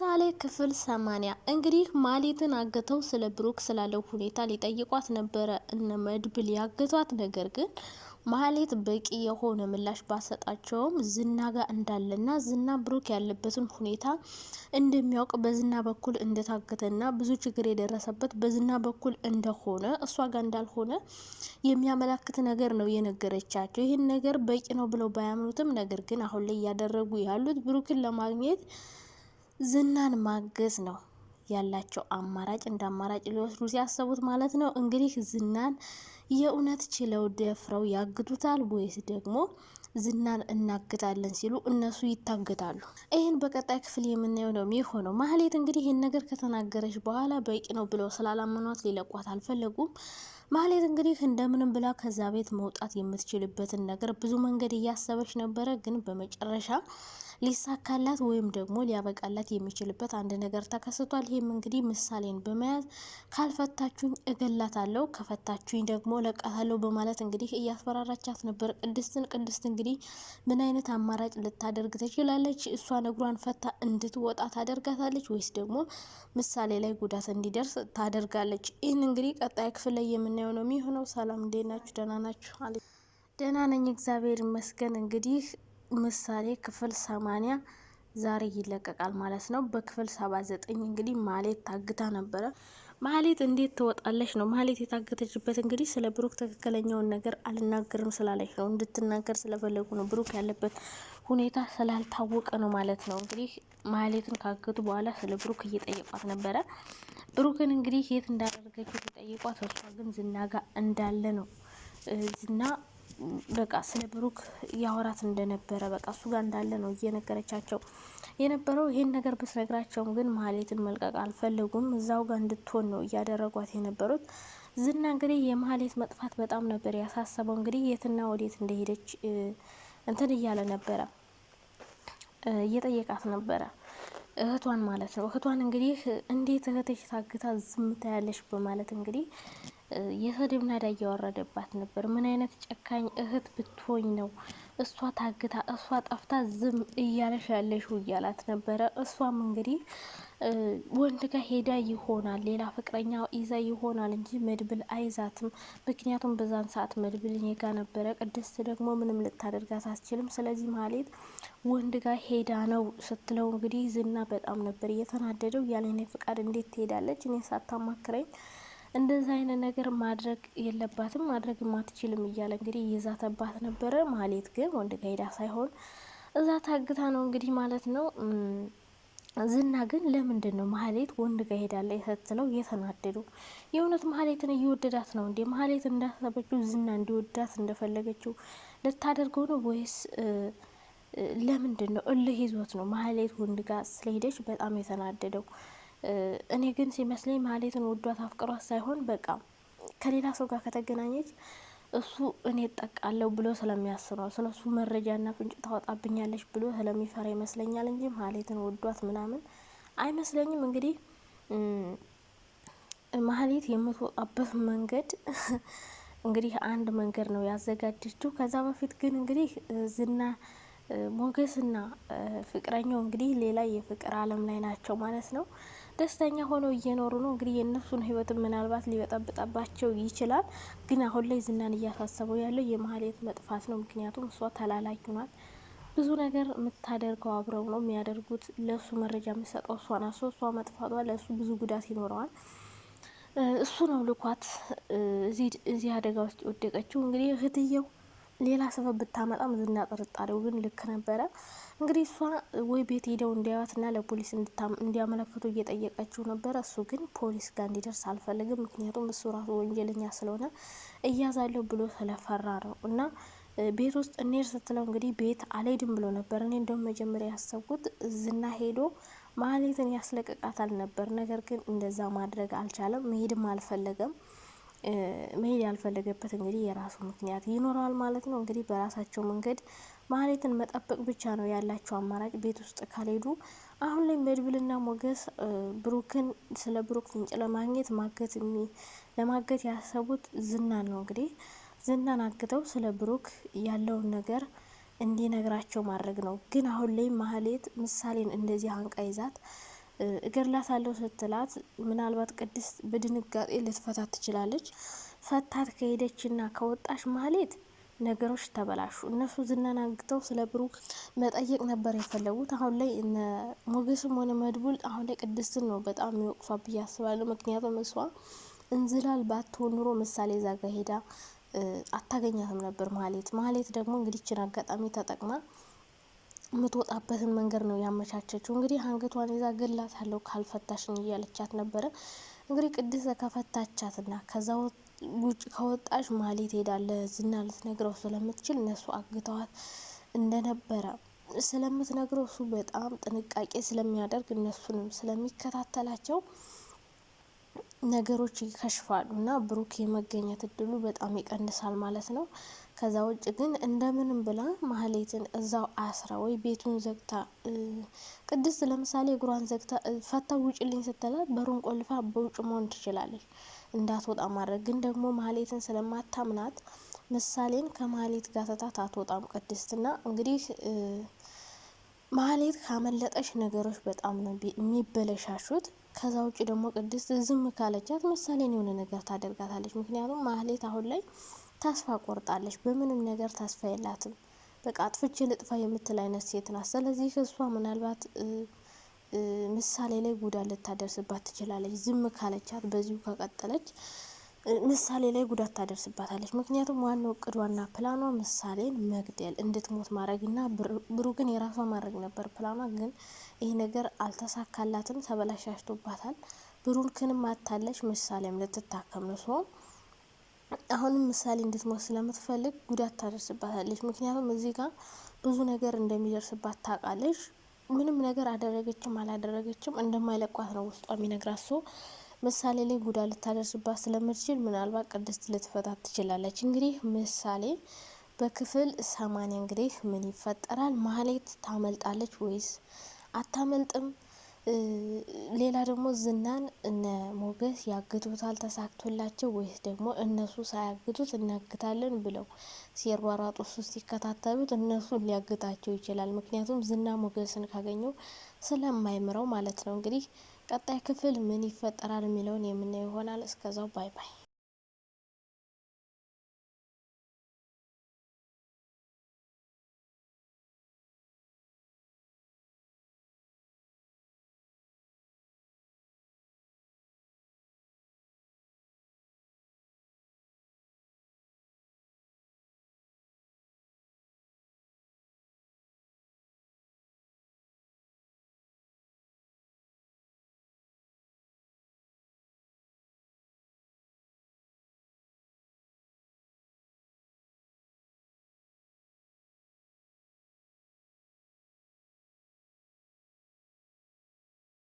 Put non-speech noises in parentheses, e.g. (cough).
ምሳሌ ክፍል ሰማንያ እንግዲህ ማሌትን አገተው ስለ ብሩክ ስላለው ሁኔታ ሊጠይቋት ነበረ እነ መድብል ያገቷት። ነገር ግን ማሌት በቂ የሆነ ምላሽ ባሰጣቸውም ዝና ጋር እንዳለና ዝና ብሩክ ያለበትን ሁኔታ እንደሚያውቅ በዝና በኩል እንደታገተና ብዙ ችግር የደረሰበት በዝና በኩል እንደሆነ እሷ ጋር እንዳልሆነ የሚያመላክት ነገር ነው የነገረቻቸው። ይህን ነገር በቂ ነው ብለው ባያምኑትም ነገር ግን አሁን ላይ እያደረጉ ያሉት ብሩክን ለማግኘት ዝናን ማገዝ ነው ያላቸው አማራጭ እንደ አማራጭ ሊወስዱ ሲያሰቡት ማለት ነው። እንግዲህ ዝናን የእውነት ችለው ደፍረው ያግቱታል ወይስ ደግሞ ዝናን እናግታለን ሲሉ እነሱ ይታገታሉ? ይህን በቀጣይ ክፍል የምናየው ነው የሚሆነው። ማህሌት እንግዲህ ይህን ነገር ከተናገረች በኋላ በቂ ነው ብለው ስላላመኗት ሊለቋት አልፈለጉም። ማህሌት እንግዲህ እንደምንም ብላ ከዛ ቤት መውጣት የምትችልበትን ነገር ብዙ መንገድ እያሰበች ነበረ ግን በመጨረሻ ሊሳካላት ወይም ደግሞ ሊያበቃላት የሚችልበት አንድ ነገር ተከስቷል። ይህም እንግዲህ ምሳሌን በመያዝ ካልፈታችሁኝ እገላታለሁ፣ ከፈታችሁኝ ደግሞ ለቃታለሁ በማለት እንግዲህ እያስፈራራቻት ነበር ቅድስትን። ቅድስት እንግዲህ ምን አይነት አማራጭ ልታደርግ ትችላለች? እሷ እግሯን ፈታ እንድትወጣ ታደርጋታለች ወይስ ደግሞ ምሳሌ ላይ ጉዳት እንዲደርስ ታደርጋለች? ይህን እንግዲህ ቀጣይ ክፍል ላይ የምናየው ነው የሚሆነው። ሰላም፣ እንዴት ናችሁ? ደህና ናችሁ? ደህና ነኝ፣ እግዚአብሔር ይመስገን። እንግዲህ ምሳሌ ክፍል ሰማንያ ዛሬ ይለቀቃል ማለት ነው። በክፍል ሰባ ዘጠኝ እንግዲህ ማሌት ታግታ ነበረ። ማሌት እንዴት ትወጣለች ነው። ማሌት የታገተችበት እንግዲህ ስለ ብሩክ ትክክለኛውን ነገር አልናገርም ስላለች ነው። እንድትናገር ስለፈለጉ ነው። ብሩክ ያለበት ሁኔታ ስላልታወቀ ነው ማለት ነው። እንግዲህ ማሌትን ካገቱ በኋላ ስለ ብሩክ እየጠየቋት ነበረ። ብሩክን እንግዲህ የት እንዳደረገችው ተጠይቋት፣ እሷ ግን ዝና ጋር እንዳለ ነው ዝና በቃ ስለ ብሩክ ያወራት እንደነበረ በቃ እሱ ጋር እንዳለ ነው እየነገረቻቸው የነበረው። ይሄን ነገር ብትነግራቸውም ግን ማህሌትን መልቀቅ አልፈለጉም። እዛው ጋር እንድትሆን ነው እያደረጓት የነበሩት። ዝና እንግዲህ የማህሌት መጥፋት በጣም ነበር ያሳሰበው። እንግዲህ የትና ወዴት እንደሄደች እንትን እያለ ነበረ እየጠየቃት ነበረ እህቷን ማለት ነው። እህቷን እንግዲህ እንዴት እህትሽ ታግታ ዝም ታያለሽ በማለት እንግዲህ የስድብ ናዳ እያወረደባት ነበር። ምን አይነት ጨካኝ እህት ብትሆኝ ነው እሷ ታግታ እሷ ጠፍታ ዝም እያለሽ ያለሽ እያላት ነበረ። እሷም እንግዲህ ወንድ ጋር ሄዳ ይሆናል ሌላ ፍቅረኛ ይዛ ይሆናል እንጂ መድብል አይዛትም። ምክንያቱም በዛን ሰዓት መድብል እኔ ጋ ነበረ። ቅድስት ደግሞ ምንም ልታደርጋት አትችልም። ስለዚህ ማለት ወንድ ጋር ሄዳ ነው ስትለው እንግዲህ ዝና በጣም ነበር እየተናደደው። ያለ እኔ ፍቃድ እንዴት ትሄዳለች? እኔ ሳታማክረኝ እንደዚህ አይነት ነገር ማድረግ የለባትም ማድረግ ማትችልም እያለ እንግዲህ እየዛተባት ነበረ። ማሌት ግን ወንድ ጋ ሄዳ ሳይሆን እዛ ታግታ ነው እንግዲህ ማለት ነው። ዝና ግን ለምንድን ነው ማህሌት ወንድ ጋ ሄዳለች ስትለው የተናደዱ የእውነት ማህሌትን እየወደዳት ነው እንዴ? ማህሌት እንዳሰበችው ዝና እንዲወዳት እንደፈለገችው ልታደርገው ነው ወይስ ለምንድን ነው እልህ ይዞት ነው? ማህሌት ወንድ ጋር ስለሄደች በጣም የተናደደው እኔ ግን ሲመስለኝ ማህሌትን ወዷት አፍቅሯት ሳይሆን በቃ ከሌላ ሰው ጋር ከተገናኘች እሱ እኔ እጠቃለሁ ብሎ ስለሚያስበው ስለ እሱ መረጃና ፍንጭ ታወጣብኛለች ብሎ ስለሚፈራ ይመስለኛል እንጂ ማህሌትን ወዷት ምናምን አይመስለኝም። እንግዲህ ማህሌት የምትወጣበት መንገድ (laughs) እንግዲህ አንድ መንገድ ነው ያዘጋጀችው። ከዛ በፊት ግን እንግዲህ ዝና ሞገስና ፍቅረኛው እንግዲህ ሌላ የፍቅር አለም ላይ ናቸው ማለት ነው። ደስተኛ ሆነው እየኖሩ ነው። እንግዲህ የእነሱን ህይወት ምናልባት ሊበጠብጠባቸው ይችላል። ግን አሁን ላይ ዝናን እያሳሰበው ያለው የማህሌት መጥፋት ነው። ምክንያቱም እሷ ተላላኪ ሆኗል። ብዙ ነገር የምታደርገው አብረው ነው የሚያደርጉት። ለእሱ መረጃ የምሰጠው እሷ ናት። እሷ መጥፋቷ ለእሱ ብዙ ጉዳት ይኖረዋል። እሱ ነው ልኳት እዚህ አደጋ ውስጥ የወደቀችው። እንግዲህ እህትየው ሌላ ሰበብ ብታመጣም ዝና ጥርጣሬው ግን ልክ ነበረ። እንግዲህ እሷ ወይ ቤት ሄደው እንዲያዩትና ለፖሊስ እንዲያመለክቱ እየጠየቀችው ነበረ። እሱ ግን ፖሊስ ጋር እንዲደርስ አልፈልግም፣ ምክንያቱም እሱ ራሱ ወንጀለኛ ስለሆነ እያዛለሁ ብሎ ስለፈራ ነው እና ቤት ውስጥ እኔር ስትለው እንግዲህ ቤት አልሄድም ብሎ ነበር። እኔ እንደውም መጀመሪያ ያሰብኩት ዝና ሄዶ ማህሌትን ያስለቅቃታል ነበር። ነገር ግን እንደዛ ማድረግ አልቻለም፣ መሄድም አልፈለገም። መሄድ ያልፈለገበት እንግዲህ የራሱ ምክንያት ይኖረዋል ማለት ነው። እንግዲህ በራሳቸው መንገድ ማህሌትን መጠበቅ ብቻ ነው ያላቸው አማራጭ ቤት ውስጥ ካልሄዱ። አሁን ላይ መድብልና ሞገስ ብሩክን ስለ ብሩክ ፍንጭ ለማግኘት ማገት ለማገት ያሰቡት ዝናን ነው። እንግዲህ ዝናን አግተው ስለ ብሩክ ያለውን ነገር እንዲነግራቸው ማድረግ ነው። ግን አሁን ላይ ማህሌት ምሳሌን እንደዚህ አንቃ ይዛት እግር ላሳለው ስትላት ምናልባት ቅድስት በድንጋጤ ልትፈታት ትችላለች። ፈታት ከሄደችና ከወጣች ማህሌት ነገሮች ተበላሹ። እነሱ ዝናን አግተው ስለ ብሩክ መጠየቅ ነበር የፈለጉት። አሁን ላይ ሞገስም ሆነ መድቡል አሁን ላይ ቅድስትን ነው በጣም የሚወቅፋ ብዬ አስባለሁ። ምክንያቱም እሷ እንዝላል ባትሆን ኑሮ ምሳሌ ዛጋ ሄዳ አታገኛትም ነበር። ማህሌት ማህሌት ደግሞ እንግዲህ አጋጣሚ ተጠቅማ የምትወጣበትን መንገድ ነው ያመቻቸችው። እንግዲህ አንገቷን ይዛ ገላታለሁ ካልፈታሽኝ እያለቻት ነበረ። እንግዲህ ቅድስት ና ከዛ ውጭ ከወጣሽ ማሌት ሄዳለ ዝና ልትነግረው ስለምትችል እነሱ አግተዋት እንደነበረ ስለምትነግረው እሱ በጣም ጥንቃቄ ስለሚያደርግ እነሱንም ስለሚከታተላቸው ነገሮች ይከሽፋሉ እና ብሩክ የመገኘት እድሉ በጣም ይቀንሳል ማለት ነው። ከዛ ውጭ ግን እንደምንም ብላ ማህሌትን እዛው አስራ ወይ ቤቱን ዘግታ ቅድስት ለምሳሌ እግሯን ዘግታ ፈታ ውጭልኝ ስትላት በሩን ቆልፋ በውጭ መሆን ትችላለች፣ እንዳትወጣ ማድረግ ግን ደግሞ ማህሌትን ስለማታምናት ምሳሌን ከማህሌት ጋር ተታት አትወጣም ቅድስትና እንግዲህ ማህሌት ካመለጠች ነገሮች በጣም ነው የሚበለሻሹት። ከዛ ውጭ ደግሞ ቅድስት ዝም ካለቻት ምሳሌን የሆነ ነገር ታደርጋታለች። ምክንያቱም ማህሌት አሁን ላይ ተስፋ ቆርጣለች። በምንም ነገር ተስፋ የላትም። በቃ አጥፍቼ ልጥፋ የምትል አይነት ሴት ናት። ስለዚህ እሷ ምናልባት ምሳሌ ላይ ጉዳት ልታደርስባት ትችላለች። ዝም ካለቻት በዚሁ ከቀጠለች ምሳሌ ላይ ጉዳት ታደርስባታለች። ምክንያቱም ዋናው እቅዷና ፕላኗ ምሳሌን መግደል እንድትሞት ማድረግና ግን የራሷ ማድረግ ነበር ፕላኗ። ግን ይህ ነገር አልተሳካላትም፣ ተበላሻሽቶባታል። ክንም አታለች፣ ምሳሌም ልትታከም ነው። አሁንም ምሳሌ እንድትሞት ስለምትፈልግ ጉዳት ታደርስባታለች። ምክንያቱም እዚህ ጋር ብዙ ነገር እንደሚደርስባት ታውቃለች። ምንም ነገር አደረገችም አላደረገችም እንደማይለቋት ነው ውስጧ የሚነግራት ሰው ምሳሌ ላይ ጉዳት ልታደርስባት ስለምትችል ምናልባት ቅድስት ልትፈታት ትችላለች። እንግዲህ ምሳሌ በክፍል ሰማንያ እንግዲህ ምን ይፈጠራል? ማህሌት ታመልጣለች ወይስ አታመልጥም? ሌላ ደግሞ ዝናን እነ ሞገስ ያግቱታል ተሳክቶላቸው ወይስ ደግሞ እነሱ ሳያግቱት እናግታለን ብለው ሲሯሯጡ እሱ ሲከታተሉት እነሱን ሊያግታቸው ይችላል። ምክንያቱም ዝና ሞገስን ካገኘው ስለማይምረው ማለት ነው። እንግዲህ ቀጣይ ክፍል ምን ይፈጠራል የሚለውን የምናየው ይሆናል። እስከዛው ባይ ባይ።